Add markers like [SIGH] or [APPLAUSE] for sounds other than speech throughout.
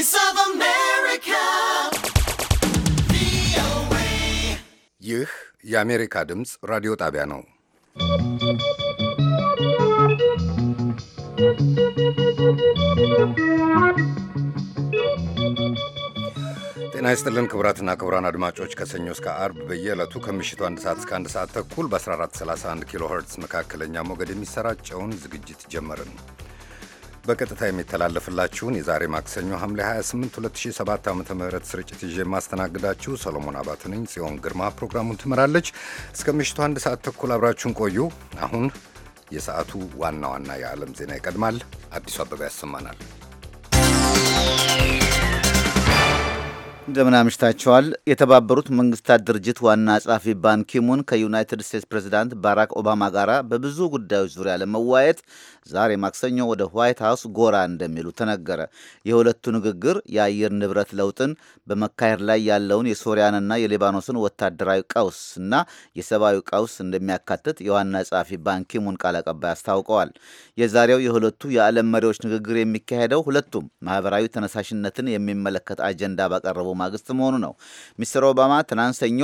Voice of America. ይህ የአሜሪካ ድምፅ ራዲዮ ጣቢያ ነው። ጤና ይስጥልን ክቡራትና ክቡራን አድማጮች ከሰኞ እስከ አርብ በየዕለቱ ከምሽቱ አንድ ሰዓት እስከ አንድ ሰዓት ተኩል በ1431 ኪሎ ኸርትዝ መካከለኛ ሞገድ የሚሰራጨውን ዝግጅት ጀመርን። በቀጥታ የሚተላለፍላችሁን የዛሬ ማክሰኞ ሐምሌ 28 2007 ዓ ም ስርጭት ይዤ የማስተናግዳችሁ ሰሎሞን አባተ ነኝ። ጽዮን ግርማ ፕሮግራሙን ትመራለች። እስከ ምሽቱ አንድ ሰዓት ተኩል አብራችሁን ቆዩ። አሁን የሰዓቱ ዋና ዋና የዓለም ዜና ይቀድማል። አዲሱ አበባ ያሰማናል። እንደምን አምሽታችኋል። የተባበሩት መንግስታት ድርጅት ዋና ጸሐፊ ባንኪሙን ከዩናይትድ ስቴትስ ፕሬዚዳንት ባራክ ኦባማ ጋር በብዙ ጉዳዮች ዙሪያ ለመዋየት ዛሬ ማክሰኞ ወደ ዋይት ሀውስ ጎራ እንደሚሉ ተነገረ። የሁለቱ ንግግር የአየር ንብረት ለውጥን፣ በመካሄድ ላይ ያለውን የሶሪያንና የሊባኖስን ወታደራዊ ቀውስ እና የሰብአዊ ቀውስ እንደሚያካትት የዋና ጸሐፊ ባንኪሙን ቃል አቀባይ አስታውቀዋል። የዛሬው የሁለቱ የዓለም መሪዎች ንግግር የሚካሄደው ሁለቱም ማህበራዊ ተነሳሽነትን የሚመለከት አጀንዳ ባቀረቡ ማግስት መሆኑ ነው። ሚስተር ኦባማ ትናንት ሰኞ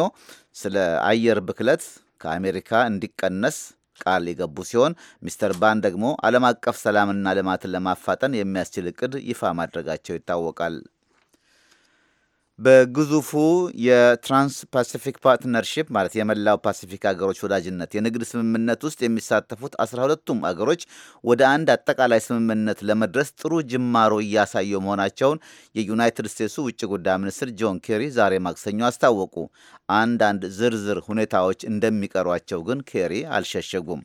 ስለ አየር ብክለት ከአሜሪካ እንዲቀነስ ቃል የገቡ ሲሆን ሚስተር ባን ደግሞ ዓለም አቀፍ ሰላምና ልማትን ለማፋጠን የሚያስችል እቅድ ይፋ ማድረጋቸው ይታወቃል። በግዙፉ የትራንስ ፓሲፊክ ፓርትነርሽፕ ማለት የመላው ፓሲፊክ አገሮች ወዳጅነት የንግድ ስምምነት ውስጥ የሚሳተፉት አስራ ሁለቱም አገሮች ወደ አንድ አጠቃላይ ስምምነት ለመድረስ ጥሩ ጅማሮ እያሳዩ መሆናቸውን የዩናይትድ ስቴትሱ ውጭ ጉዳይ ሚኒስትር ጆን ኬሪ ዛሬ ማክሰኞ አስታወቁ። አንዳንድ ዝርዝር ሁኔታዎች እንደሚቀሯቸው ግን ኬሪ አልሸሸጉም።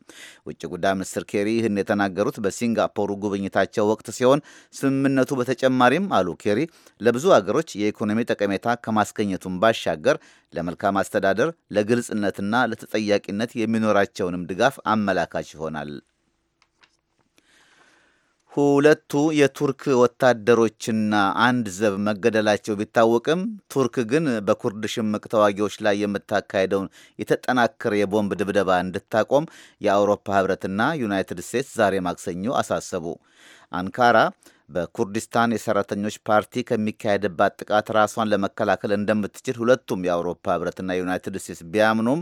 ውጭ ጉዳይ ሚኒስትር ኬሪ ይህን የተናገሩት በሲንጋፖሩ ጉብኝታቸው ወቅት ሲሆን ስምምነቱ በተጨማሪም አሉ ኬሪ ለብዙ አገሮች የኢኮኖሚ ጠቀሜታ ከማስገኘቱም ባሻገር ለመልካም አስተዳደር፣ ለግልጽነትና ለተጠያቂነት የሚኖራቸውንም ድጋፍ አመላካች ይሆናል። ሁለቱ የቱርክ ወታደሮችና አንድ ዘብ መገደላቸው ቢታወቅም ቱርክ ግን በኩርድ ሽምቅ ተዋጊዎች ላይ የምታካሄደውን የተጠናከረ የቦምብ ድብደባ እንድታቆም የአውሮፓ ሕብረትና ዩናይትድ ስቴትስ ዛሬ ማክሰኞ አሳሰቡ። አንካራ በኩርዲስታን የሰራተኞች ፓርቲ ከሚካሄድባት ጥቃት ራሷን ለመከላከል እንደምትችል ሁለቱም የአውሮፓ ህብረትና ዩናይትድ ስቴትስ ቢያምኑም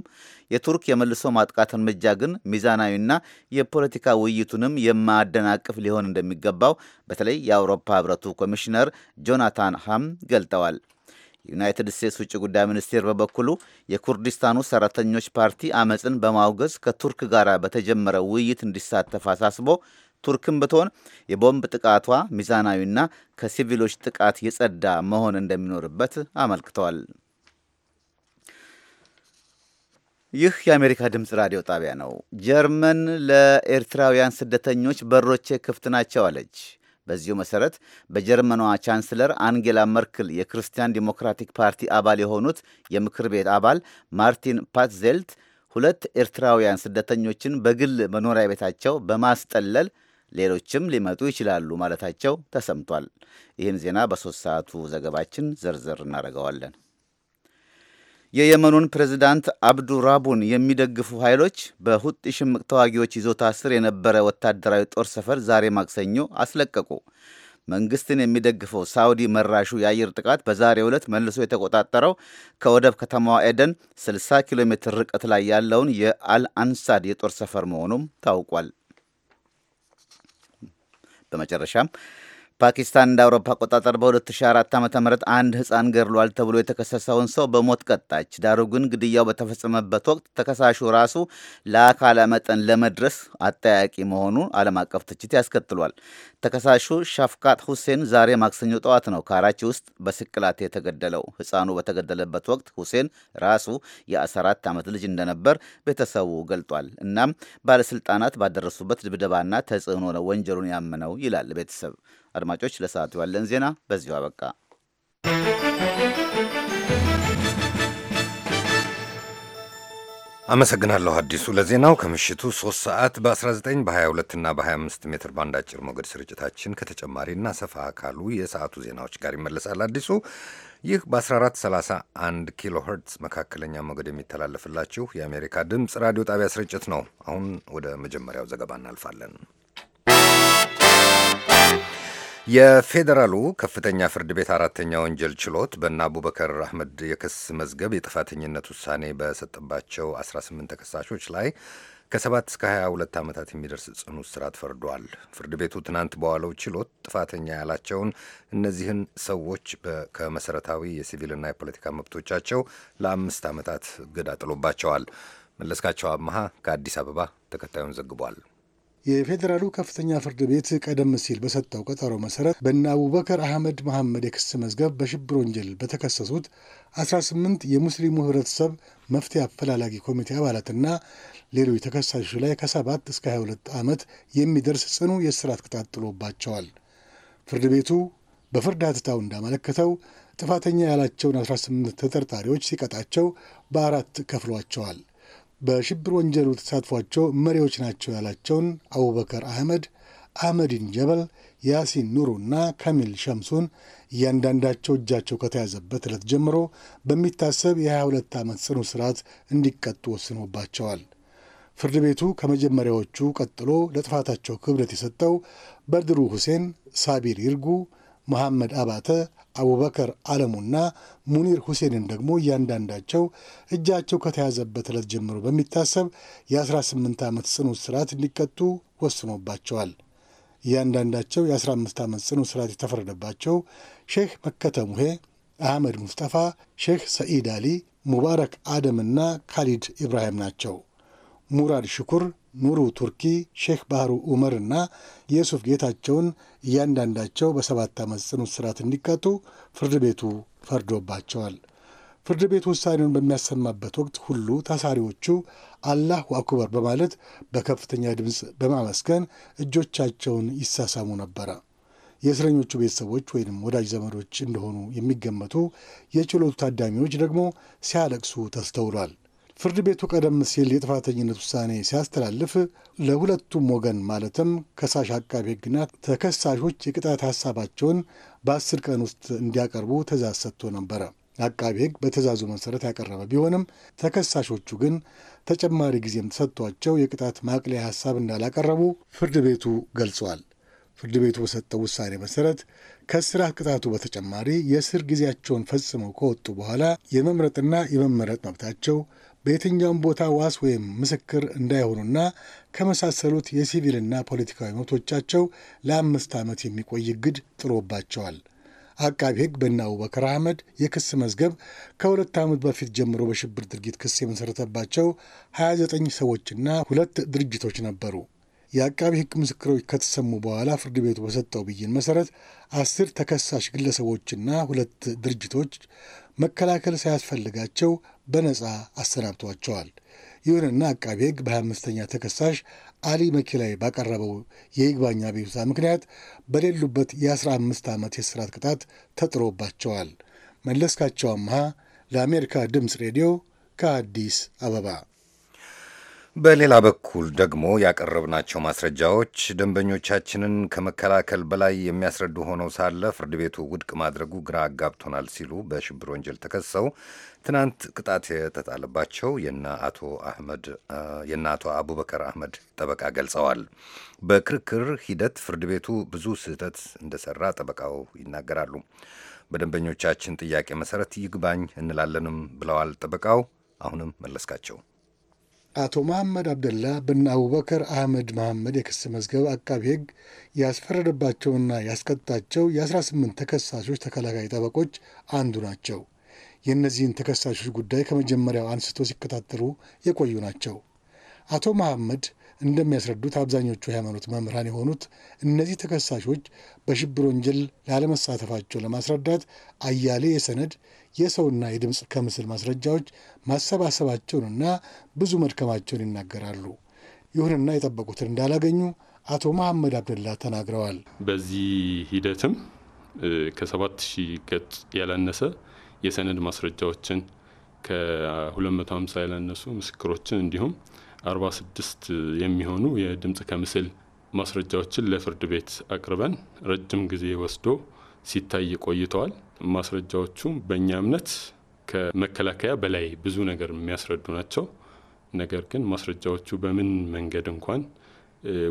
የቱርክ የመልሶ ማጥቃት እርምጃ ግን ሚዛናዊና የፖለቲካ ውይይቱንም የማያደናቅፍ ሊሆን እንደሚገባው በተለይ የአውሮፓ ህብረቱ ኮሚሽነር ጆናታን ሃም ገልጠዋል። የዩናይትድ ስቴትስ ውጭ ጉዳይ ሚኒስቴር በበኩሉ የኩርዲስታኑ ሰራተኞች ፓርቲ አመፅን በማውገዝ ከቱርክ ጋር በተጀመረ ውይይት እንዲሳተፍ አሳስቦ ቱርክም ብትሆን የቦምብ ጥቃቷ ሚዛናዊና ከሲቪሎች ጥቃት የጸዳ መሆን እንደሚኖርበት አመልክተዋል። ይህ የአሜሪካ ድምፅ ራዲዮ ጣቢያ ነው። ጀርመን ለኤርትራውያን ስደተኞች በሮቼ ክፍት ናቸው አለች። በዚሁ መሰረት በጀርመኗ ቻንስለር አንጌላ መርክል የክርስቲያን ዲሞክራቲክ ፓርቲ አባል የሆኑት የምክር ቤት አባል ማርቲን ፓትዜልት ሁለት ኤርትራውያን ስደተኞችን በግል መኖሪያ ቤታቸው በማስጠለል ሌሎችም ሊመጡ ይችላሉ ማለታቸው ተሰምቷል። ይህን ዜና በሶስት ሰዓቱ ዘገባችን ዝርዝር እናደርገዋለን። የየመኑን ፕሬዝዳንት አብዱ ራቡን የሚደግፉ ኃይሎች በሁጥ ሽምቅ ተዋጊዎች ይዞታ ስር የነበረ ወታደራዊ ጦር ሰፈር ዛሬ ማክሰኞ አስለቀቁ። መንግስትን የሚደግፈው ሳውዲ መራሹ የአየር ጥቃት በዛሬ ዕለት መልሶ የተቆጣጠረው ከወደብ ከተማዋ ኤደን 60 ኪሎ ሜትር ርቀት ላይ ያለውን የአልአንሳድ የጦር ሰፈር መሆኑም ታውቋል። በመጨረሻም ፓኪስታን እንደ አውሮፓ አቆጣጠር በ2004 ዓ ም አንድ ሕፃን ገድሏል ተብሎ የተከሰሰውን ሰው በሞት ቀጣች። ዳሩ ግን ግድያው በተፈጸመበት ወቅት ተከሳሹ ራሱ ለአካለ መጠን ለመድረስ አጠያቂ መሆኑ ዓለም አቀፍ ትችት ያስከትሏል። ተከሳሹ ሻፍቃት ሁሴን ዛሬ ማክሰኞ ጠዋት ነው ካራቺ ውስጥ በስቅላት የተገደለው። ሕፃኑ በተገደለበት ወቅት ሁሴን ራሱ የ14 ዓመት ልጅ እንደነበር ቤተሰቡ ገልጧል። እናም ባለሥልጣናት ባደረሱበት ድብደባና ተጽዕኖ ነው ወንጀሉን ያመነው ይላል ቤተሰብ። አድማጮች፣ ለሰዓቱ ያለን ዜና በዚሁ አበቃ። አመሰግናለሁ አዲሱ ለዜናው። ከምሽቱ 3 ሰዓት በ19 በ22 እና በ25 ሜትር ባንድ አጭር ሞገድ ስርጭታችን ከተጨማሪና ሰፋ ካሉ የሰዓቱ ዜናዎች ጋር ይመለሳል። አዲሱ ይህ በ1431 ኪሎ ሄርትስ መካከለኛ ሞገድ የሚተላለፍላችሁ የአሜሪካ ድምፅ ራዲዮ ጣቢያ ስርጭት ነው። አሁን ወደ መጀመሪያው ዘገባ እናልፋለን። የፌዴራሉ ከፍተኛ ፍርድ ቤት አራተኛ ወንጀል ችሎት በእነ አቡበከር አህመድ የክስ መዝገብ የጥፋተኝነት ውሳኔ በሰጠባቸው 18 ተከሳሾች ላይ ከ7 እስከ 22 ዓመታት የሚደርስ ጽኑ እስራት ፈርዷል። ፍርድ ቤቱ ትናንት በዋለው ችሎት ጥፋተኛ ያላቸውን እነዚህን ሰዎች ከመሠረታዊ የሲቪልና የፖለቲካ መብቶቻቸው ለአምስት ዓመታት እግድ ጥሎባቸዋል። መለስካቸው አመሃ ከአዲስ አበባ ተከታዩን ዘግቧል። የፌዴራሉ ከፍተኛ ፍርድ ቤት ቀደም ሲል በሰጠው ቀጠሮ መሰረት በእነ አቡበከር አህመድ መሐመድ የክስ መዝገብ በሽብር ወንጀል በተከሰሱት 18 የሙስሊሙ ህብረተሰብ መፍትሄ አፈላላጊ ኮሚቴ አባላትና ሌሎች ተከሳሾች ላይ ከ7 እስከ 22 ዓመት የሚደርስ ጽኑ የእስራት ቅጣት ጥሎባቸዋል። ፍርድ ቤቱ በፍርድ አትታው እንዳመለከተው ጥፋተኛ ያላቸውን 18 ተጠርጣሪዎች ሲቀጣቸው በአራት ከፍሏቸዋል። በሽብር ወንጀሉ ተሳትፏቸው መሪዎች ናቸው ያላቸውን አቡበከር አህመድ፣ አህመዲን ጀበል፣ ያሲን ኑሩ እና ካሚል ሸምሱን እያንዳንዳቸው እጃቸው ከተያዘበት ዕለት ጀምሮ በሚታሰብ የ22 ዓመት ጽኑ ስርዓት እንዲቀጡ ወስኖባቸዋል። ፍርድ ቤቱ ከመጀመሪያዎቹ ቀጥሎ ለጥፋታቸው ክብደት የሰጠው በድሩ ሁሴን፣ ሳቢር ይርጉ፣ መሐመድ አባተ አቡበከር አለሙና ሙኒር ሁሴንን ደግሞ እያንዳንዳቸው እጃቸው ከተያዘበት ዕለት ጀምሮ በሚታሰብ የ18 ዓመት ጽኑ እስራት እንዲቀጡ ወስኖባቸዋል። እያንዳንዳቸው የ15 ዓመት ጽኑ እስራት የተፈረደባቸው ሼህ መከተሙሄ፣ አህመድ ሙስጠፋ፣ ሼህ ሰኢድ አሊ፣ ሙባረክ አደምና ካሊድ ኢብራሂም ናቸው። ሙራድ ሽኩር፣ ኑሩ ቱርኪ፣ ሼክ ባህሩ ኡመር እና የሱፍ ጌታቸውን እያንዳንዳቸው በሰባት ዓመት ጽኑ እስራት እንዲቀጡ ፍርድ ቤቱ ፈርዶባቸዋል። ፍርድ ቤት ውሳኔውን በሚያሰማበት ወቅት ሁሉ ታሳሪዎቹ አላሁ አኩበር በማለት በከፍተኛ ድምፅ በማመስገን እጆቻቸውን ይሳሳሙ ነበረ። የእስረኞቹ ቤተሰቦች ወይም ወዳጅ ዘመዶች እንደሆኑ የሚገመቱ የችሎቱ ታዳሚዎች ደግሞ ሲያለቅሱ ተስተውሏል። ፍርድ ቤቱ ቀደም ሲል የጥፋተኝነት ውሳኔ ሲያስተላልፍ ለሁለቱም ወገን ማለትም ከሳሽ አቃቤ ሕግና ተከሳሾች የቅጣት ሀሳባቸውን በአስር ቀን ውስጥ እንዲያቀርቡ ትእዛዝ ሰጥቶ ነበረ። አቃቤ ሕግ በትእዛዙ መሰረት ያቀረበ ቢሆንም ተከሳሾቹ ግን ተጨማሪ ጊዜም ተሰጥቷቸው የቅጣት ማቅለያ ሀሳብ እንዳላቀረቡ ፍርድ ቤቱ ገልጿል። ፍርድ ቤቱ በሰጠው ውሳኔ መሰረት ከእስራት ቅጣቱ በተጨማሪ የእስር ጊዜያቸውን ፈጽመው ከወጡ በኋላ የመምረጥና የመመረጥ መብታቸው በየትኛውም ቦታ ዋስ ወይም ምስክር እንዳይሆኑና ከመሳሰሉት የሲቪልና ፖለቲካዊ መብቶቻቸው ለአምስት ዓመት የሚቆይ እግድ ጥሎባቸዋል። አቃቢ ሕግ በእነ አቡበከር አህመድ የክስ መዝገብ ከሁለት ዓመት በፊት ጀምሮ በሽብር ድርጊት ክስ የመሠረተባቸው 29 ሰዎችና ሁለት ድርጅቶች ነበሩ። የአቃቢ ሕግ ምስክሮች ከተሰሙ በኋላ ፍርድ ቤቱ በሰጠው ብይን መሰረት አስር ተከሳሽ ግለሰቦችና ሁለት ድርጅቶች መከላከል ሳያስፈልጋቸው በነፃ አሰናብቷቸዋል። ይሁንና አቃቢ ሕግ በ 25 ተከሳሽ አሊ መኪ ላይ ባቀረበው የይግባኝ አቤቱታ ምክንያት በሌሉበት የ15 ዓመት የእስራት ቅጣት ተጥሮባቸዋል። መለስካቸው አምሃ ለአሜሪካ ድምፅ ሬዲዮ ከአዲስ አበባ በሌላ በኩል ደግሞ ያቀረብናቸው ማስረጃዎች ደንበኞቻችንን ከመከላከል በላይ የሚያስረዱ ሆነው ሳለ ፍርድ ቤቱ ውድቅ ማድረጉ ግራ አጋብቶናል ሲሉ በሽብር ወንጀል ተከሰው ትናንት ቅጣት የተጣለባቸው የና አቶ አህመድ አቶ አቡበከር አህመድ ጠበቃ ገልጸዋል። በክርክር ሂደት ፍርድ ቤቱ ብዙ ስህተት እንደሰራ ጠበቃው ይናገራሉ። በደንበኞቻችን ጥያቄ መሰረት ይግባኝ እንላለንም ብለዋል ጠበቃው። አሁንም መለስካቸው አቶ መሐመድ አብደላ በነ አቡበከር አህመድ መሐመድ የክስ መዝገብ አቃቢ ሕግ ያስፈረደባቸውና ያስቀጣቸው የ18 ተከሳሾች ተከላካይ ጠበቆች አንዱ ናቸው። የእነዚህን ተከሳሾች ጉዳይ ከመጀመሪያው አንስቶ ሲከታተሉ የቆዩ ናቸው። አቶ መሐመድ እንደሚያስረዱት አብዛኞቹ የሃይማኖት መምህራን የሆኑት እነዚህ ተከሳሾች በሽብር ወንጀል ላለመሳተፋቸው ለማስረዳት አያሌ የሰነድ የሰውና የድምፅ ከምስል ማስረጃዎች ማሰባሰባቸውንና ብዙ መድከማቸውን ይናገራሉ። ይሁንና የጠበቁትን እንዳላገኙ አቶ መሐመድ አብደላ ተናግረዋል። በዚህ ሂደትም ከሰባት ሺህ ገጽ ያላነሰ የሰነድ ማስረጃዎችን ከ250 ያላነሱ ምስክሮችን እንዲሁም 46 የሚሆኑ የድምፅ ከምስል ማስረጃዎችን ለፍርድ ቤት አቅርበን ረጅም ጊዜ ወስዶ ሲታይ ቆይተዋል። ማስረጃዎቹም በእኛ እምነት ከመከላከያ በላይ ብዙ ነገር የሚያስረዱ ናቸው። ነገር ግን ማስረጃዎቹ በምን መንገድ እንኳን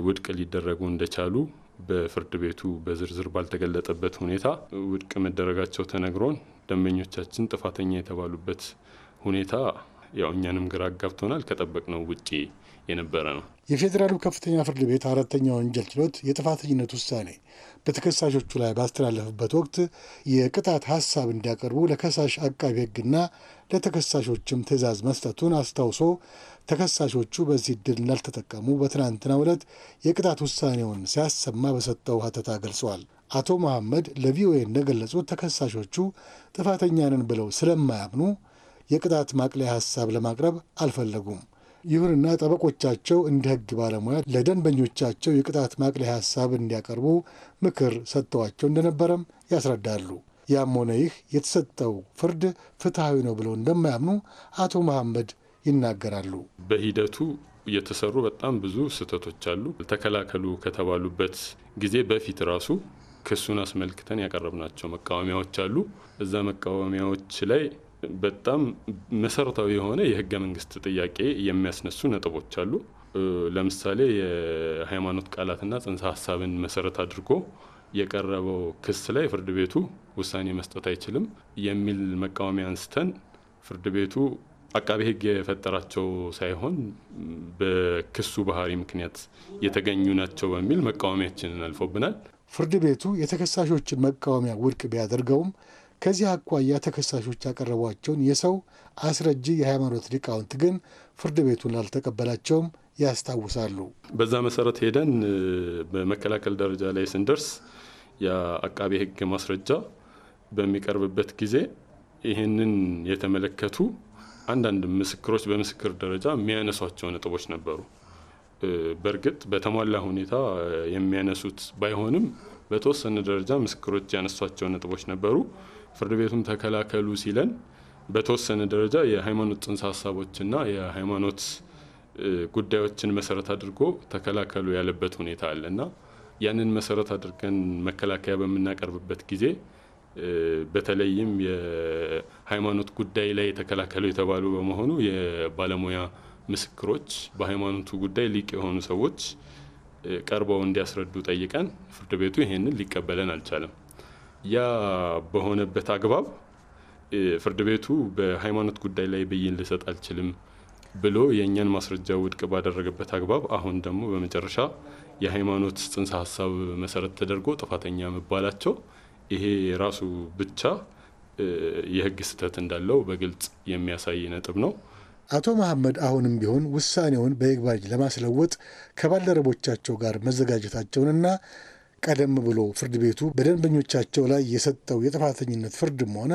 ውድቅ ሊደረጉ እንደቻሉ በፍርድ ቤቱ በዝርዝር ባልተገለጠበት ሁኔታ ውድቅ መደረጋቸው ተነግሮን ደንበኞቻችን ጥፋተኛ የተባሉበት ሁኔታ ያው እኛንም ግራ አጋብቶናል። ከጠበቅነው ውጪ የነበረ ነው። የፌዴራሉ ከፍተኛ ፍርድ ቤት አራተኛ ወንጀል ችሎት የጥፋተኝነት ውሳኔ በተከሳሾቹ ላይ ባስተላለፈበት ወቅት የቅጣት ሀሳብ እንዲያቀርቡ ለከሳሽ አቃቢ ሕግና ለተከሳሾችም ትዕዛዝ መስጠቱን አስታውሶ ተከሳሾቹ በዚህ ዕድል እንዳልተጠቀሙ በትናንትናው ዕለት የቅጣት ውሳኔውን ሲያሰማ በሰጠው ሀተታ ገልጸዋል። አቶ መሐመድ ለቪኦኤ እንደገለጹት ተከሳሾቹ ጥፋተኛ ነን ብለው ስለማያምኑ የቅጣት ማቅለያ ሀሳብ ለማቅረብ አልፈለጉም። ይሁንና ጠበቆቻቸው እንደ ህግ ባለሙያ ለደንበኞቻቸው የቅጣት ማቅለያ ሀሳብ እንዲያቀርቡ ምክር ሰጥተዋቸው እንደነበረም ያስረዳሉ። ያም ሆነ ይህ የተሰጠው ፍርድ ፍትሐዊ ነው ብለው እንደማያምኑ አቶ መሐመድ ይናገራሉ። በሂደቱ የተሰሩ በጣም ብዙ ስህተቶች አሉ። ተከላከሉ ከተባሉበት ጊዜ በፊት ራሱ ክሱን አስመልክተን ያቀረብናቸው መቃወሚያዎች አሉ። እዛ መቃወሚያዎች ላይ በጣም መሰረታዊ የሆነ የህገ መንግስት ጥያቄ የሚያስነሱ ነጥቦች አሉ። ለምሳሌ የሃይማኖት ቃላትና ጽንሰ ሀሳብን መሰረት አድርጎ የቀረበው ክስ ላይ ፍርድ ቤቱ ውሳኔ መስጠት አይችልም የሚል መቃወሚያ አንስተን ፍርድ ቤቱ አቃቢ ህግ የፈጠራቸው ሳይሆን በክሱ ባህሪ ምክንያት የተገኙ ናቸው በሚል መቃወሚያችንን አልፎብናል። ፍርድ ቤቱ የተከሳሾችን መቃወሚያ ውድቅ ቢያደርገውም ከዚህ አኳያ ተከሳሾች ያቀረቧቸውን የሰው አስረጅ የሃይማኖት ሊቃውንት ግን ፍርድ ቤቱን አልተቀበላቸውም ያስታውሳሉ። በዛ መሰረት ሄደን በመከላከል ደረጃ ላይ ስንደርስ የአቃቤ ሕግ ማስረጃ በሚቀርብበት ጊዜ ይህንን የተመለከቱ አንዳንድ ምስክሮች በምስክር ደረጃ የሚያነሷቸው ነጥቦች ነበሩ። በእርግጥ በተሟላ ሁኔታ የሚያነሱት ባይሆንም በተወሰነ ደረጃ ምስክሮች ያነሷቸው ነጥቦች ነበሩ። ፍርድ ቤቱም ተከላከሉ ሲለን በተወሰነ ደረጃ የሃይማኖት ጽንሰ ሀሳቦችና የሃይማኖት ጉዳዮችን መሰረት አድርጎ ተከላከሉ ያለበት ሁኔታ አለ እና ያንን መሰረት አድርገን መከላከያ በምናቀርብበት ጊዜ በተለይም የሃይማኖት ጉዳይ ላይ ተከላከሉ የተባሉ በመሆኑ የባለሙያ ምስክሮች በሃይማኖቱ ጉዳይ ሊቅ የሆኑ ሰዎች ቀርበው እንዲያስረዱ ጠይቀን ፍርድ ቤቱ ይህንን ሊቀበለን አልቻለም። ያ በሆነበት አግባብ ፍርድ ቤቱ በሃይማኖት ጉዳይ ላይ ብይን ልሰጥ አልችልም ብሎ የእኛን ማስረጃ ውድቅ ባደረገበት አግባብ አሁን ደግሞ በመጨረሻ የሃይማኖት ጽንሰ ሀሳብ መሰረት ተደርጎ ጥፋተኛ መባላቸው ይሄ ራሱ ብቻ የህግ ስህተት እንዳለው በግልጽ የሚያሳይ ነጥብ ነው። አቶ መሐመድ አሁንም ቢሆን ውሳኔውን በይግባኝ ለማስለወጥ ከባልደረቦቻቸው ጋር መዘጋጀታቸውንና ቀደም ብሎ ፍርድ ቤቱ በደንበኞቻቸው ላይ የሰጠው የጥፋተኝነት ፍርድም ሆነ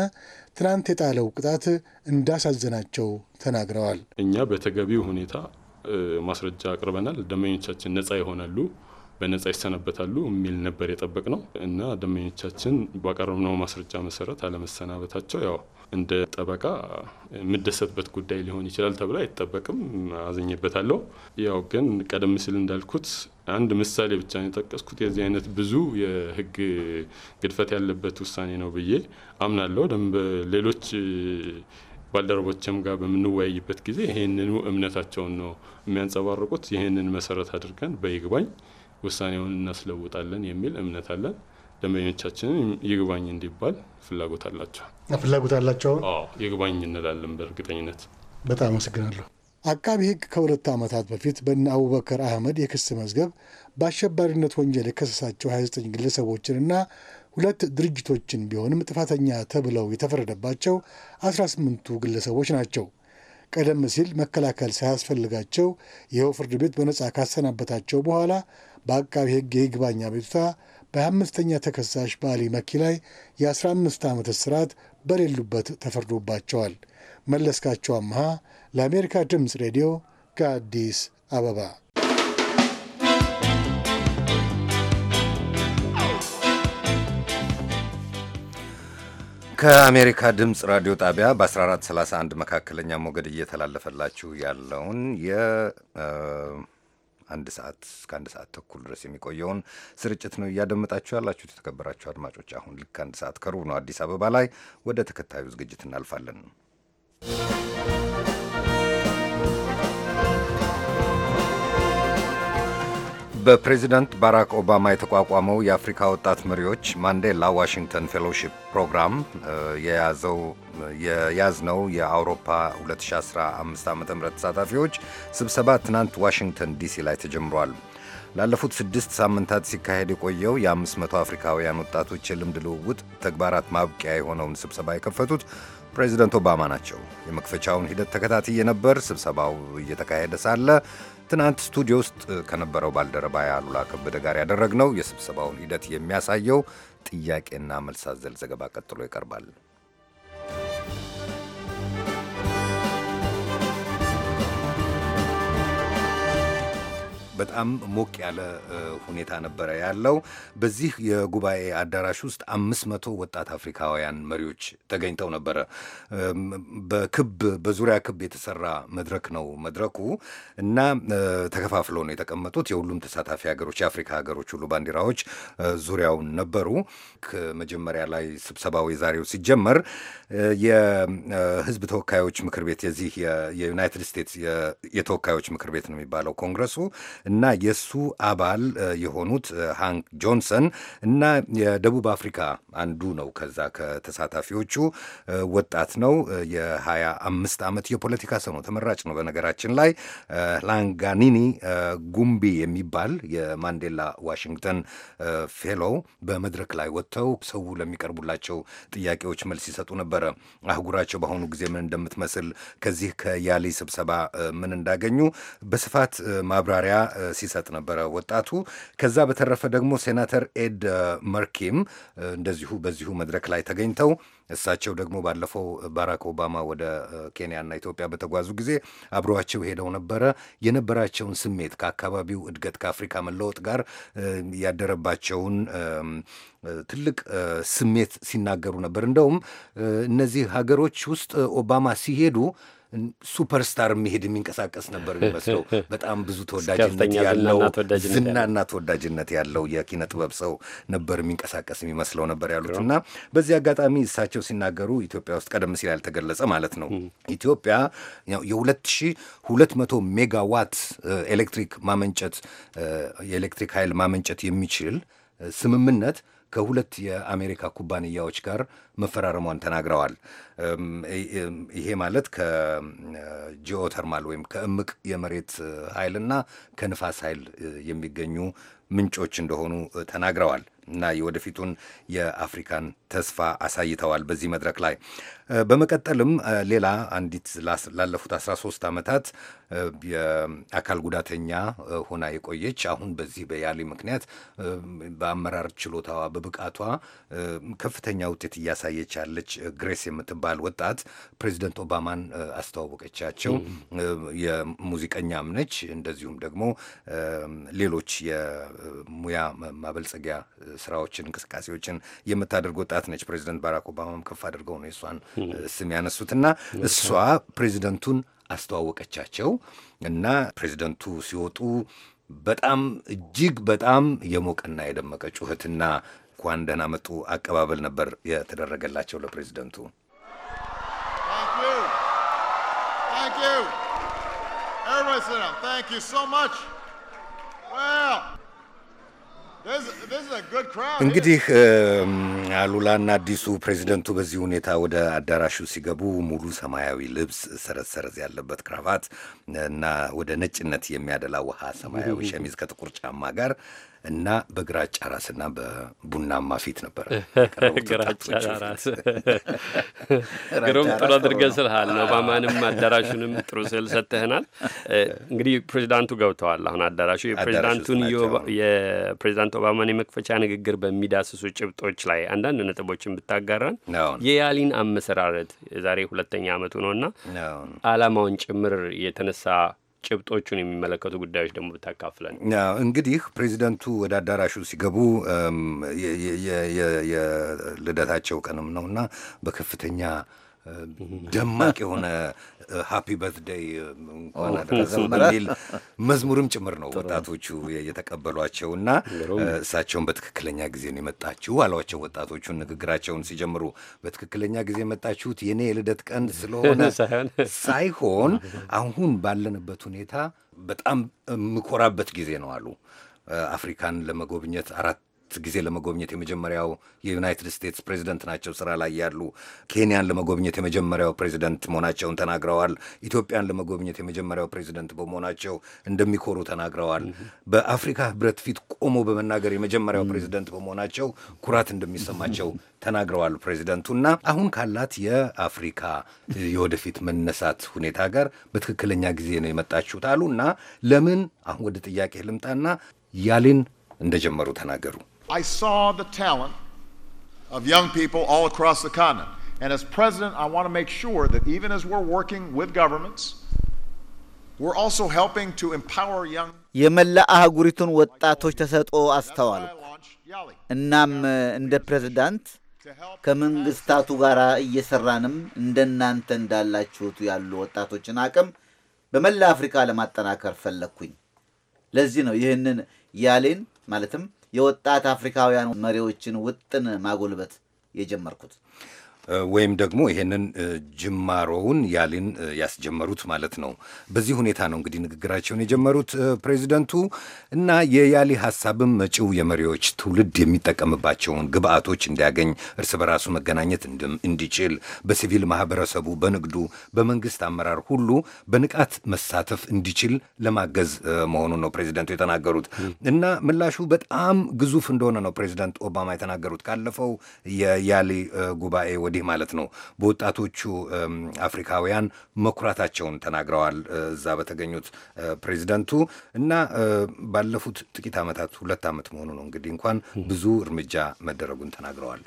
ትናንት የጣለው ቅጣት እንዳሳዘናቸው ተናግረዋል። እኛ በተገቢው ሁኔታ ማስረጃ አቅርበናል። ደንበኞቻችን ነጻ ይሆናሉ፣ በነጻ ይሰናበታሉ የሚል ነበር የጠበቅ ነው እና ደንበኞቻችን ባቀረብነው ማስረጃ መሰረት አለመሰናበታቸው ያው እንደ ጠበቃ የምደሰትበት ጉዳይ ሊሆን ይችላል ተብሎ አይጠበቅም። አዘኝበታለሁ። ያው ግን ቀደም ሲል እንዳልኩት አንድ ምሳሌ ብቻ ነው የጠቀስኩት። የዚህ አይነት ብዙ የህግ ግድፈት ያለበት ውሳኔ ነው ብዬ አምናለሁ። ደንብ ሌሎች ባልደረቦችም ጋር በምንወያይበት ጊዜ ይህንኑ እምነታቸውን ነው የሚያንጸባርቁት። ይህንን መሰረት አድርገን በይግባኝ ውሳኔውን እናስለውጣለን የሚል እምነት አለን። ደንበኞቻችንን ይግባኝ እንዲባል ፍላጎት አላቸው ፍላጎት አላቸው ይግባኝ እንላለን በእርግጠኝነት በጣም አመሰግናለሁ አቃቢ ህግ ከሁለት ዓመታት በፊት በእነ አቡበከር አህመድ የክስ መዝገብ በአሸባሪነት ወንጀል የከሰሳቸው 29 ግለሰቦችንና ሁለት ድርጅቶችን ቢሆንም ጥፋተኛ ተብለው የተፈረደባቸው 18ቱ ግለሰቦች ናቸው። ቀደም ሲል መከላከል ሳያስፈልጋቸው ይኸው ፍርድ ቤት በነጻ ካሰናበታቸው በኋላ በአቃቢ ህግ የይግባኝ አቤቱታ በአምስተኛ ተከሳሽ በአሊ መኪ ላይ የ15 ዓመት እስራት በሌሉበት ተፈርዶባቸዋል። መለስካቸው አምሃ ለአሜሪካ ድምፅ ሬዲዮ ከአዲስ አበባ ከአሜሪካ ድምፅ ራዲዮ ጣቢያ በ1431 መካከለኛ ሞገድ እየተላለፈላችሁ ያለውን አንድ ሰዓት እስከ አንድ ሰዓት ተኩል ድረስ የሚቆየውን ስርጭት ነው እያደመጣችሁ ያላችሁት። የተከበራችሁ አድማጮች አሁን ልክ አንድ ሰዓት ከሩብ ነው አዲስ አበባ ላይ። ወደ ተከታዩ ዝግጅት እናልፋለን። በፕሬዚዳንት ባራክ ኦባማ የተቋቋመው የአፍሪካ ወጣት መሪዎች ማንዴላ ዋሽንግተን ፌሎሺፕ ፕሮግራም የያዘው የያዝነው የአውሮፓ 2015 ዓ ም ተሳታፊዎች ስብሰባ ትናንት ዋሽንግተን ዲሲ ላይ ተጀምሯል። ላለፉት ስድስት ሳምንታት ሲካሄድ የቆየው የ500 አፍሪካውያን ወጣቶች የልምድ ልውውጥ ተግባራት ማብቂያ የሆነውን ስብሰባ የከፈቱት ፕሬዚደንት ኦባማ ናቸው። የመክፈቻውን ሂደት ተከታትዬ ነበር። ስብሰባው እየተካሄደ ሳለ ትናንት ስቱዲዮ ውስጥ ከነበረው ባልደረባ አሉላ ከበደ ጋር ያደረግነው የስብሰባውን ሂደት የሚያሳየው ጥያቄና መልስ አዘል ዘገባ ቀጥሎ ይቀርባል። በጣም ሞቅ ያለ ሁኔታ ነበረ ያለው። በዚህ የጉባኤ አዳራሽ ውስጥ አምስት መቶ ወጣት አፍሪካውያን መሪዎች ተገኝተው ነበረ። በክብ በዙሪያ ክብ የተሰራ መድረክ ነው መድረኩ እና ተከፋፍለው ነው የተቀመጡት። የሁሉም ተሳታፊ ሀገሮች የአፍሪካ ሀገሮች ሁሉ ባንዲራዎች ዙሪያውን ነበሩ። መጀመሪያ ላይ ስብሰባው የዛሬው ሲጀመር የህዝብ ተወካዮች ምክር ቤት የዚህ የዩናይትድ ስቴትስ የተወካዮች ምክር ቤት ነው የሚባለው ኮንግረሱ እና የእሱ አባል የሆኑት ሃንክ ጆንሰን እና የደቡብ አፍሪካ አንዱ ነው። ከዛ ከተሳታፊዎቹ ወጣት ነው። የሃያ አምስት ዓመት የፖለቲካ ሰው ነው። ተመራጭ ነው። በነገራችን ላይ ላንጋኒኒ ጉምቢ የሚባል የማንዴላ ዋሽንግተን ፌሎው በመድረክ ላይ ወጥተው ሰው ለሚቀርቡላቸው ጥያቄዎች መልስ ይሰጡ ነበረ። አህጉራቸው በአሁኑ ጊዜ ምን እንደምትመስል ከዚህ ከያሌ ስብሰባ ምን እንዳገኙ በስፋት ማብራሪያ ሲሰጥ ነበረ ወጣቱ። ከዛ በተረፈ ደግሞ ሴናተር ኤድ መርኪም እንደዚሁ በዚሁ መድረክ ላይ ተገኝተው እሳቸው ደግሞ ባለፈው ባራክ ኦባማ ወደ ኬንያና ኢትዮጵያ በተጓዙ ጊዜ አብረዋቸው ሄደው ነበረ። የነበራቸውን ስሜት ከአካባቢው እድገት ከአፍሪካ መለወጥ ጋር ያደረባቸውን ትልቅ ስሜት ሲናገሩ ነበር። እንደውም እነዚህ ሀገሮች ውስጥ ኦባማ ሲሄዱ ሱፐርስታር የሚሄድ የሚንቀሳቀስ ነበር የሚመስለው። [LAUGHS] በጣም ብዙ ተወዳጅነት ያለው ዝናና ተወዳጅነት ያለው የኪነ ጥበብ ሰው ነበር የሚንቀሳቀስ የሚመስለው ነበር ያሉት እና በዚህ አጋጣሚ እሳቸው ሲናገሩ ኢትዮጵያ ውስጥ ቀደም ሲል ያልተገለጸ ማለት ነው ኢትዮጵያ የ2200 ሜጋዋት ኤሌክትሪክ ማመንጨት የኤሌክትሪክ ኃይል ማመንጨት የሚችል ስምምነት ከሁለት የአሜሪካ ኩባንያዎች ጋር መፈራረሟን ተናግረዋል። ይሄ ማለት ከጂኦተርማል ወይም ከእምቅ የመሬት ኃይልና ከንፋስ ኃይል የሚገኙ ምንጮች እንደሆኑ ተናግረዋል። እና የወደፊቱን የአፍሪካን ተስፋ አሳይተዋል በዚህ መድረክ ላይ። በመቀጠልም ሌላ አንዲት ላለፉት 13 ዓመታት የአካል ጉዳተኛ ሆና የቆየች አሁን በዚህ በያሌ ምክንያት በአመራር ችሎታዋ በብቃቷ ከፍተኛ ውጤት እያሳየች ያለች ግሬስ የምትባል ወጣት ፕሬዚደንት ኦባማን አስተዋወቀቻቸው። የሙዚቀኛም ነች። እንደዚሁም ደግሞ ሌሎች የሙያ ማበልጸጊያ ስራዎችን፣ እንቅስቃሴዎችን የምታደርግ ወጣት ነች። ፕሬዚደንት ባራክ ኦባማም ከፍ አድርገው ነው የእሷን ስም ያነሱትና እሷ ፕሬዚደንቱን አስተዋወቀቻቸው እና ፕሬዚደንቱ ሲወጡ በጣም እጅግ በጣም የሞቀና የደመቀ ጩኸትና እንኳን ደህና መጡ አቀባበል ነበር የተደረገላቸው ለፕሬዚደንቱ። Thank you so much. እንግዲህ አሉላና አዲሱ ፕሬዚደንቱ በዚህ ሁኔታ ወደ አዳራሹ ሲገቡ ሙሉ ሰማያዊ ልብስ፣ ሰረዝ ሰረዝ ያለበት ክራቫት እና ወደ ነጭነት የሚያደላ ውሃ ሰማያዊ ሸሚዝ ከጥቁር ጫማ ጋር እና በግራጫ ራስና በቡናማ ፊት ነበረ። [LAUGHS] ግራጫ ራስ ግሩም፣ ጥሩ አድርገን ስልሃል። ኦባማንም አዳራሹንም ጥሩ ስል ሰጥተህናል። እንግዲህ ፕሬዚዳንቱ ገብተዋል። አሁን አዳራሹ የፕሬዚዳንቱን የፕሬዚዳንት ኦባማን የመክፈቻ ንግግር በሚዳስሱ ጭብጦች ላይ አንዳንድ ነጥቦችን ብታጋራን የያሊን አመሰራረት ዛሬ ሁለተኛ ዓመቱ ነው እና አላማውን ጭምር የተነሳ ጭብጦቹን የሚመለከቱ ጉዳዮች ደግሞ ብታካፍለን። እንግዲህ ፕሬዚደንቱ ወደ አዳራሹ ሲገቡ የልደታቸው ቀንም ነውና በከፍተኛ ደማቅ የሆነ ሃፒ በርትደይ እንኳን አደረሰን በሚል መዝሙርም ጭምር ነው ወጣቶቹ የተቀበሏቸው እና እሳቸውን በትክክለኛ ጊዜ ነው የመጣችሁ አሏቸው። ወጣቶቹን ንግግራቸውን ሲጀምሩ በትክክለኛ ጊዜ የመጣችሁት የኔ የልደት ቀን ስለሆነ [LAUGHS] [LAUGHS] ሳይሆን አሁን ባለንበት ሁኔታ በጣም የምኮራበት ጊዜ ነው አሉ። አፍሪካን ለመጎብኘት አራት ጊዜ ለመጎብኘት የመጀመሪያው የዩናይትድ ስቴትስ ፕሬዚደንት ናቸው ስራ ላይ ያሉ። ኬንያን ለመጎብኘት የመጀመሪያው ፕሬዚደንት መሆናቸውን ተናግረዋል። ኢትዮጵያን ለመጎብኘት የመጀመሪያው ፕሬዚደንት በመሆናቸው እንደሚኮሩ ተናግረዋል። በአፍሪካ ህብረት ፊት ቆሞ በመናገር የመጀመሪያው ፕሬዚደንት በመሆናቸው ኩራት እንደሚሰማቸው ተናግረዋል ፕሬዚደንቱ እና አሁን ካላት የአፍሪካ የወደፊት መነሳት ሁኔታ ጋር በትክክለኛ ጊዜ ነው የመጣችሁት አሉ እና ለምን አሁን ወደ ጥያቄ ልምጣና ያሌን እንደጀመሩ ተናገሩ። I saw the talent of young people all across the continent. And as president, I want to make sure that even as we're working with governments, we're also helping to empower young የመላ አህጉሪቱን ወጣቶች ተሰጥኦ አስተዋሉ። እናም እንደ ፕሬዝዳንት ከመንግስታቱ ጋር እየሰራንም እንደናንተ እንዳላችሁት ያሉ ወጣቶችን አቅም በመላ አፍሪካ ለማጠናከር ፈለግኩኝ። ለዚህ ነው ይህንን ያሌን ማለትም የወጣት አፍሪካውያን መሪዎችን ውጥን ማጎልበት የጀመርኩት። ወይም ደግሞ ይሄንን ጅማሮውን ያሊን ያስጀመሩት ማለት ነው። በዚህ ሁኔታ ነው እንግዲህ ንግግራቸውን የጀመሩት ፕሬዚደንቱ እና የያሊ ሀሳብም መጪው የመሪዎች ትውልድ የሚጠቀምባቸውን ግብአቶች እንዲያገኝ፣ እርስ በራሱ መገናኘት እንዲችል፣ በሲቪል ማህበረሰቡ፣ በንግዱ፣ በመንግስት አመራር ሁሉ በንቃት መሳተፍ እንዲችል ለማገዝ መሆኑን ነው ፕሬዚደንቱ የተናገሩት እና ምላሹ በጣም ግዙፍ እንደሆነ ነው ፕሬዚደንት ኦባማ የተናገሩት ካለፈው የያሊ ጉባኤ ወዲህ ማለት ነው በወጣቶቹ አፍሪካውያን መኩራታቸውን ተናግረዋል እዛ በተገኙት ፕሬዚደንቱ እና ባለፉት ጥቂት ዓመታት ሁለት ዓመት መሆኑ ነው እንግዲህ እንኳን ብዙ እርምጃ መደረጉን ተናግረዋል።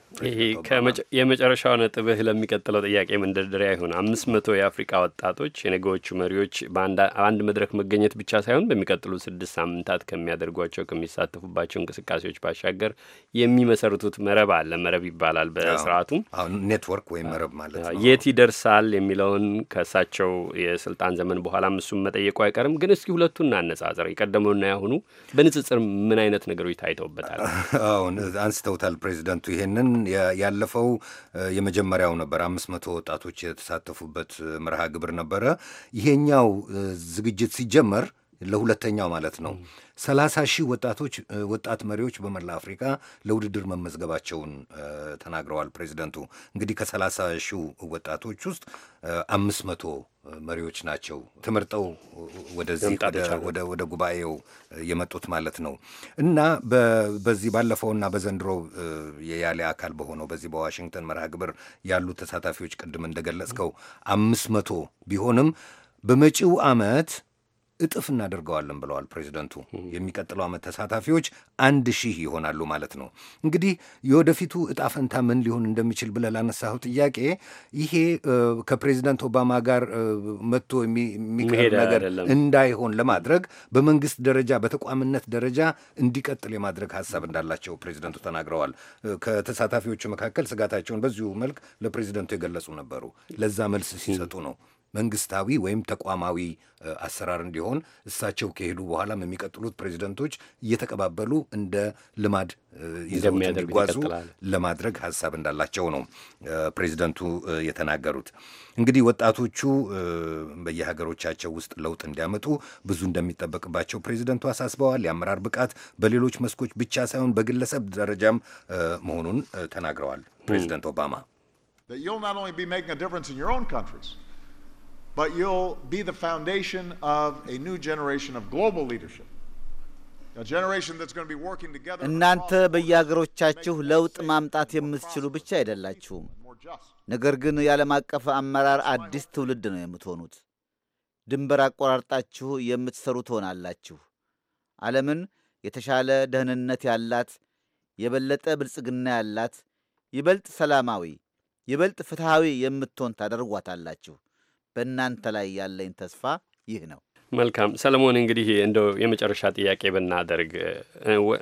የመጨረሻው ነጥብህ ለሚቀጥለው ጥያቄ መንደርደሪያ ይሁን። አምስት መቶ የአፍሪካ ወጣቶች የነገዎቹ መሪዎች በአንድ መድረክ መገኘት ብቻ ሳይሆን በሚቀጥሉ ስድስት ሳምንታት ከሚያደርጓቸው ከሚሳተፉባቸው እንቅስቃሴዎች ባሻገር የሚመሰርቱት መረብ አለ። መረብ ይባላል በስርዓቱ ኔትወርክ ወይም መረብ ማለት ነው። የት ይደርሳል የሚለውን ከእሳቸው የስልጣን ዘመን በኋላም እሱም መጠየቁ አይቀርም። ግን እስኪ ሁለቱን እናነጻጽር። የቀደመውና ያሁኑ በንጽጽር ምን አይነት ነገሮች ታይተውበታል? [LAUGHS] አሁን አንስተውታል ፕሬዚደንቱ ይሄንን። ያለፈው የመጀመሪያው ነበር፣ አምስት መቶ ወጣቶች የተሳተፉበት መርሃ ግብር ነበረ። ይሄኛው ዝግጅት ሲጀመር ለሁለተኛው ማለት ነው። ሰላሳ ሺህ ወጣቶች ወጣት መሪዎች በመላ አፍሪካ ለውድድር መመዝገባቸውን ተናግረዋል ፕሬዚደንቱ። እንግዲህ ከሰላሳ ሺህ ወጣቶች ውስጥ አምስት መቶ መሪዎች ናቸው ተመርጠው ወደዚህ ወደ ጉባኤው የመጡት ማለት ነው። እና በዚህ ባለፈውና በዘንድሮ የያሌ አካል በሆነው በዚህ በዋሽንግተን መርሃ ግብር ያሉ ተሳታፊዎች ቅድም እንደገለጽከው አምስት መቶ ቢሆንም በመጪው ዓመት እጥፍ እናደርገዋለን ብለዋል ፕሬዚደንቱ። የሚቀጥለው ዓመት ተሳታፊዎች አንድ ሺህ ይሆናሉ ማለት ነው። እንግዲህ የወደፊቱ እጣ ፈንታ ምን ሊሆን እንደሚችል ብለህ ላነሳኸው ጥያቄ ይሄ ከፕሬዚደንት ኦባማ ጋር መጥቶ የሚቀር ነገር እንዳይሆን ለማድረግ በመንግስት ደረጃ በተቋምነት ደረጃ እንዲቀጥል የማድረግ ሀሳብ እንዳላቸው ፕሬዚደንቱ ተናግረዋል። ከተሳታፊዎቹ መካከል ስጋታቸውን በዚሁ መልክ ለፕሬዚደንቱ የገለጹ ነበሩ። ለዛ መልስ ሲሰጡ ነው መንግስታዊ ወይም ተቋማዊ አሰራር እንዲሆን እሳቸው ከሄዱ በኋላም የሚቀጥሉት ፕሬዚደንቶች እየተቀባበሉ እንደ ልማድ ይዘው እንዲጓዙ ለማድረግ ሀሳብ እንዳላቸው ነው ፕሬዚደንቱ የተናገሩት። እንግዲህ ወጣቶቹ በየሀገሮቻቸው ውስጥ ለውጥ እንዲያመጡ ብዙ እንደሚጠበቅባቸው ፕሬዚደንቱ አሳስበዋል። የአመራር ብቃት በሌሎች መስኮች ብቻ ሳይሆን በግለሰብ ደረጃም መሆኑን ተናግረዋል ፕሬዚደንት ኦባማ but you'll be the foundation of a new generation of global leadership. እናንተ በየሀገሮቻችሁ ለውጥ ማምጣት የምትችሉ ብቻ አይደላችሁም፣ ነገር ግን የዓለም አቀፍ አመራር አዲስ ትውልድ ነው የምትሆኑት። ድንበር አቆራርጣችሁ የምትሰሩ ትሆናላችሁ። ዓለምን የተሻለ ደህንነት ያላት፣ የበለጠ ብልጽግና ያላት፣ ይበልጥ ሰላማዊ፣ ይበልጥ ፍትሐዊ የምትሆን ታደርጓታላችሁ። በእናንተ ላይ ያለኝ ተስፋ ይህ ነው። መልካም ሰለሞን፣ እንግዲህ እንደው የመጨረሻ ጥያቄ ብናደርግ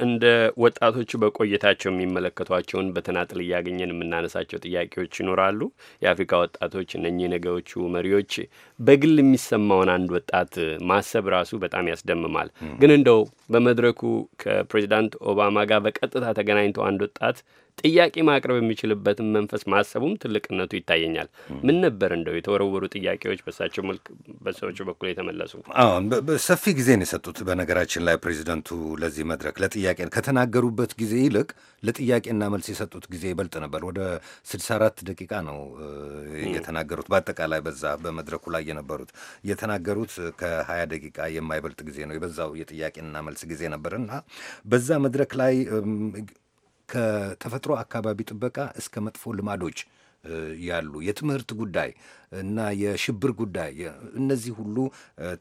እንደ ወጣቶቹ በቆይታቸው የሚመለከቷቸውን በተናጥል እያገኘን የምናነሳቸው ጥያቄዎች ይኖራሉ። የአፍሪካ ወጣቶች እነኚህ ነገዎቹ መሪዎች በግል የሚሰማውን አንድ ወጣት ማሰብ ራሱ በጣም ያስደምማል። ግን እንደው በመድረኩ ከፕሬዚዳንት ኦባማ ጋር በቀጥታ ተገናኝተው አንድ ወጣት ጥያቄ ማቅረብ የሚችልበትን መንፈስ ማሰቡም ትልቅነቱ ይታየኛል። ምን ነበር እንደው የተወረወሩ ጥያቄዎች በሳቸው መልክ በሰዎቹ በኩል የተመለሱ? ሰፊ ጊዜ ነው የሰጡት። በነገራችን ላይ ፕሬዚደንቱ ለዚህ መድረክ ለጥያቄ ከተናገሩበት ጊዜ ይልቅ ለጥያቄና መልስ የሰጡት ጊዜ ይበልጥ ነበር። ወደ 64 ደቂቃ ነው የተናገሩት። በአጠቃላይ በዛ በመድረኩ ላይ የነበሩት የተናገሩት ከ20 ደቂቃ የማይበልጥ ጊዜ ነው። የበዛው የጥያቄና መልስ ጊዜ ነበር እና በዛ መድረክ ላይ ከተፈጥሮ አካባቢ ጥበቃ እስከ መጥፎ ልማዶች ያሉ የትምህርት ጉዳይ እና የሽብር ጉዳይ እነዚህ ሁሉ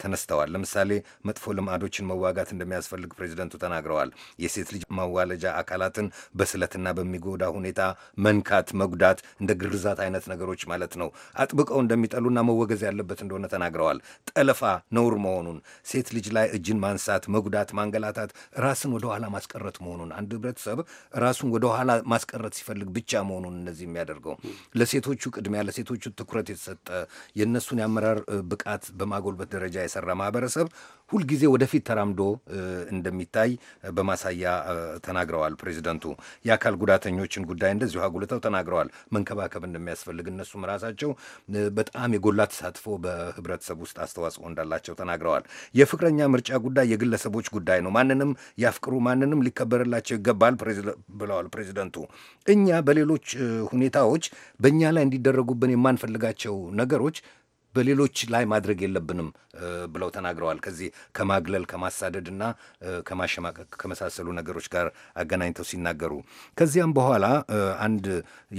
ተነስተዋል። ለምሳሌ መጥፎ ልማዶችን መዋጋት እንደሚያስፈልግ ፕሬዚደንቱ ተናግረዋል። የሴት ልጅ ማዋለጃ አካላትን በስለትና በሚጎዳ ሁኔታ መንካት፣ መጉዳት፣ እንደ ግርዛት አይነት ነገሮች ማለት ነው አጥብቀው እንደሚጠሉና መወገዝ ያለበት እንደሆነ ተናግረዋል። ጠለፋ ነውር መሆኑን፣ ሴት ልጅ ላይ እጅን ማንሳት፣ መጉዳት፣ ማንገላታት ራስን ወደኋላ ማስቀረት መሆኑን አንድ ህብረተሰብ ራሱን ወደኋላ ማስቀረት ሲፈልግ ብቻ መሆኑን እነዚህ የሚያደርገው ለሴቶቹ ቅድሚያ ለሴቶቹ ትኩረት የተሰጠ የሰጠ የእነሱን የአመራር ብቃት በማጎልበት ደረጃ የሰራ ማህበረሰብ ሁልጊዜ ወደፊት ተራምዶ እንደሚታይ በማሳያ ተናግረዋል። ፕሬዚደንቱ የአካል ጉዳተኞችን ጉዳይ እንደዚሁ አጉልተው ተናግረዋል። መንከባከብ እንደሚያስፈልግ እነሱም ራሳቸው በጣም የጎላ ተሳትፎ በህብረተሰብ ውስጥ አስተዋጽኦ እንዳላቸው ተናግረዋል። የፍቅረኛ ምርጫ ጉዳይ የግለሰቦች ጉዳይ ነው። ማንንም ያፍቅሩ፣ ማንንም ሊከበርላቸው ይገባል ብለዋል ፕሬዚደንቱ። እኛ በሌሎች ሁኔታዎች በእኛ ላይ እንዲደረጉብን የማንፈልጋቸው ነገሮች በሌሎች ላይ ማድረግ የለብንም ብለው ተናግረዋል። ከዚህ ከማግለል ከማሳደድ እና ከማሸማቀቅ ከመሳሰሉ ነገሮች ጋር አገናኝተው ሲናገሩ ከዚያም በኋላ አንድ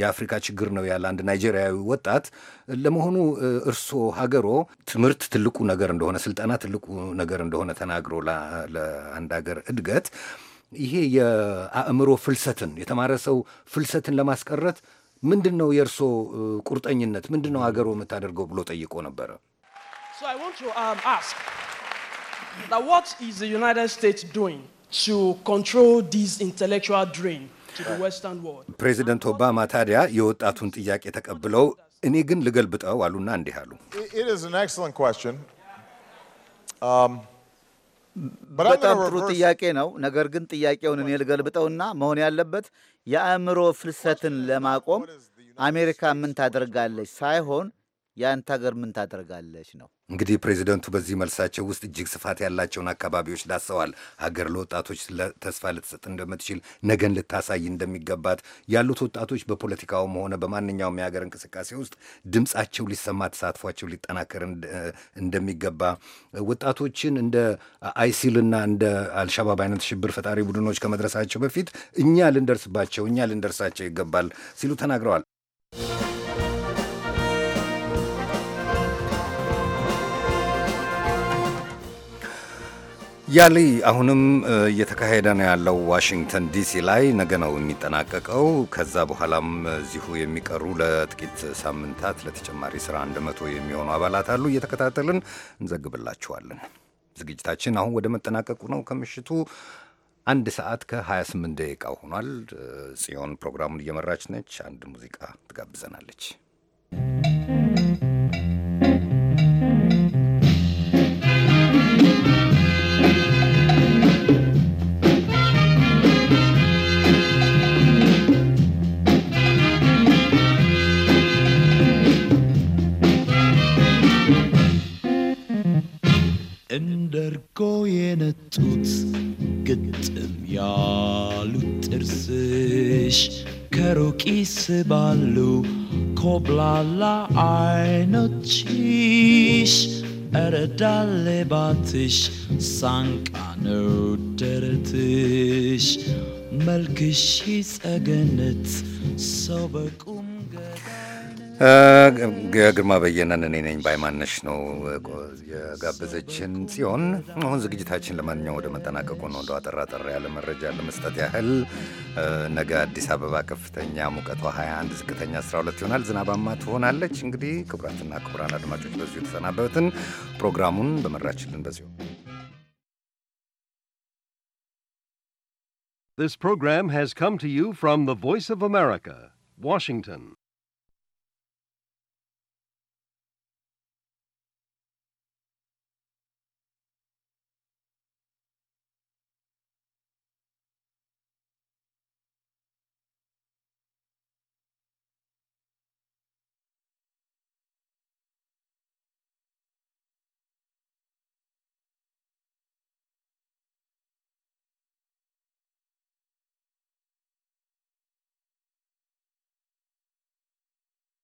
የአፍሪካ ችግር ነው ያለ አንድ ናይጄሪያዊ ወጣት ለመሆኑ እርስዎ ሀገሮ ትምህርት ትልቁ ነገር እንደሆነ፣ ስልጠና ትልቁ ነገር እንደሆነ ተናግሮ ለአንድ ሀገር እድገት ይሄ የአእምሮ ፍልሰትን የተማረ ሰው ፍልሰትን ለማስቀረት ምንድን ነው የእርስዎ ቁርጠኝነት? ምንድን ነው ሀገሩ የምታደርገው ብሎ ጠይቆ ነበረ። um, ፕሬዚደንት ኦባማ ታዲያ የወጣቱን ጥያቄ ተቀብለው እኔ ግን ልገልብጠው አሉና እንዲህ አሉ። በጣም ጥሩ ጥያቄ ነው። ነገር ግን ጥያቄውን እኔ ልገልብጠውና መሆን ያለበት የአእምሮ ፍልሰትን ለማቆም አሜሪካ ምን ታደርጋለች ሳይሆን የአንተ ሀገር ምን ታደርጋለች ነው። እንግዲህ ፕሬዚደንቱ በዚህ መልሳቸው ውስጥ እጅግ ስፋት ያላቸውን አካባቢዎች ዳሰዋል። ሀገር ለወጣቶች ተስፋ ልትሰጥ እንደምትችል፣ ነገን ልታሳይ እንደሚገባት ያሉት ወጣቶች በፖለቲካውም ሆነ በማንኛውም የሀገር እንቅስቃሴ ውስጥ ድምፃቸው ሊሰማ፣ ተሳትፏቸው ሊጠናከር እንደሚገባ ወጣቶችን እንደ አይሲልና እንደ አልሻባብ አይነት ሽብር ፈጣሪ ቡድኖች ከመድረሳቸው በፊት እኛ ልንደርስባቸው እኛ ልንደርሳቸው ይገባል ሲሉ ተናግረዋል። ያሊ አሁንም እየተካሄደ ነው ያለው ዋሽንግተን ዲሲ ላይ ነገ ነው የሚጠናቀቀው። ከዛ በኋላም እዚሁ የሚቀሩ ለጥቂት ሳምንታት ለተጨማሪ ስራ አንድ መቶ የሚሆኑ አባላት አሉ። እየተከታተልን እንዘግብላችኋለን። ዝግጅታችን አሁን ወደ መጠናቀቁ ነው። ከምሽቱ አንድ ሰዓት ከ28 ደቂቃ ሆኗል። ጽዮን ፕሮግራሙን እየመራች ነች። አንድ ሙዚቃ ትጋብዘናለች። እንደ እርጎ የነጡት ግጥም ያሉት ጥርስሽ ከሩቅ ይስባሉ ኮብላላ አይኖችሽ እረዳሌባትሽ ሳንቃ ነው ደረትሽ መልክሽ ይጸገነት ሰው በቁ ግርማ በየነን እኔ ነኝ ባይማነሽ ነው የጋበዘችን ሲሆን አሁን ዝግጅታችን ለማንኛውም ወደ መጠናቀቁ ነው። እንደ አጠራጠር ያለ መረጃ ለመስጠት ያህል ነገ አዲስ አበባ ከፍተኛ ሙቀቷ 21፣ ዝቅተኛ 12 ይሆናል። ዝናባማ ትሆናለች። እንግዲህ ክቡራትና ክቡራን አድማጮች በዚሁ የተሰናበትን ፕሮግራሙን በመራችልን በዚሁ This program has come to you from the Voice of America, Washington.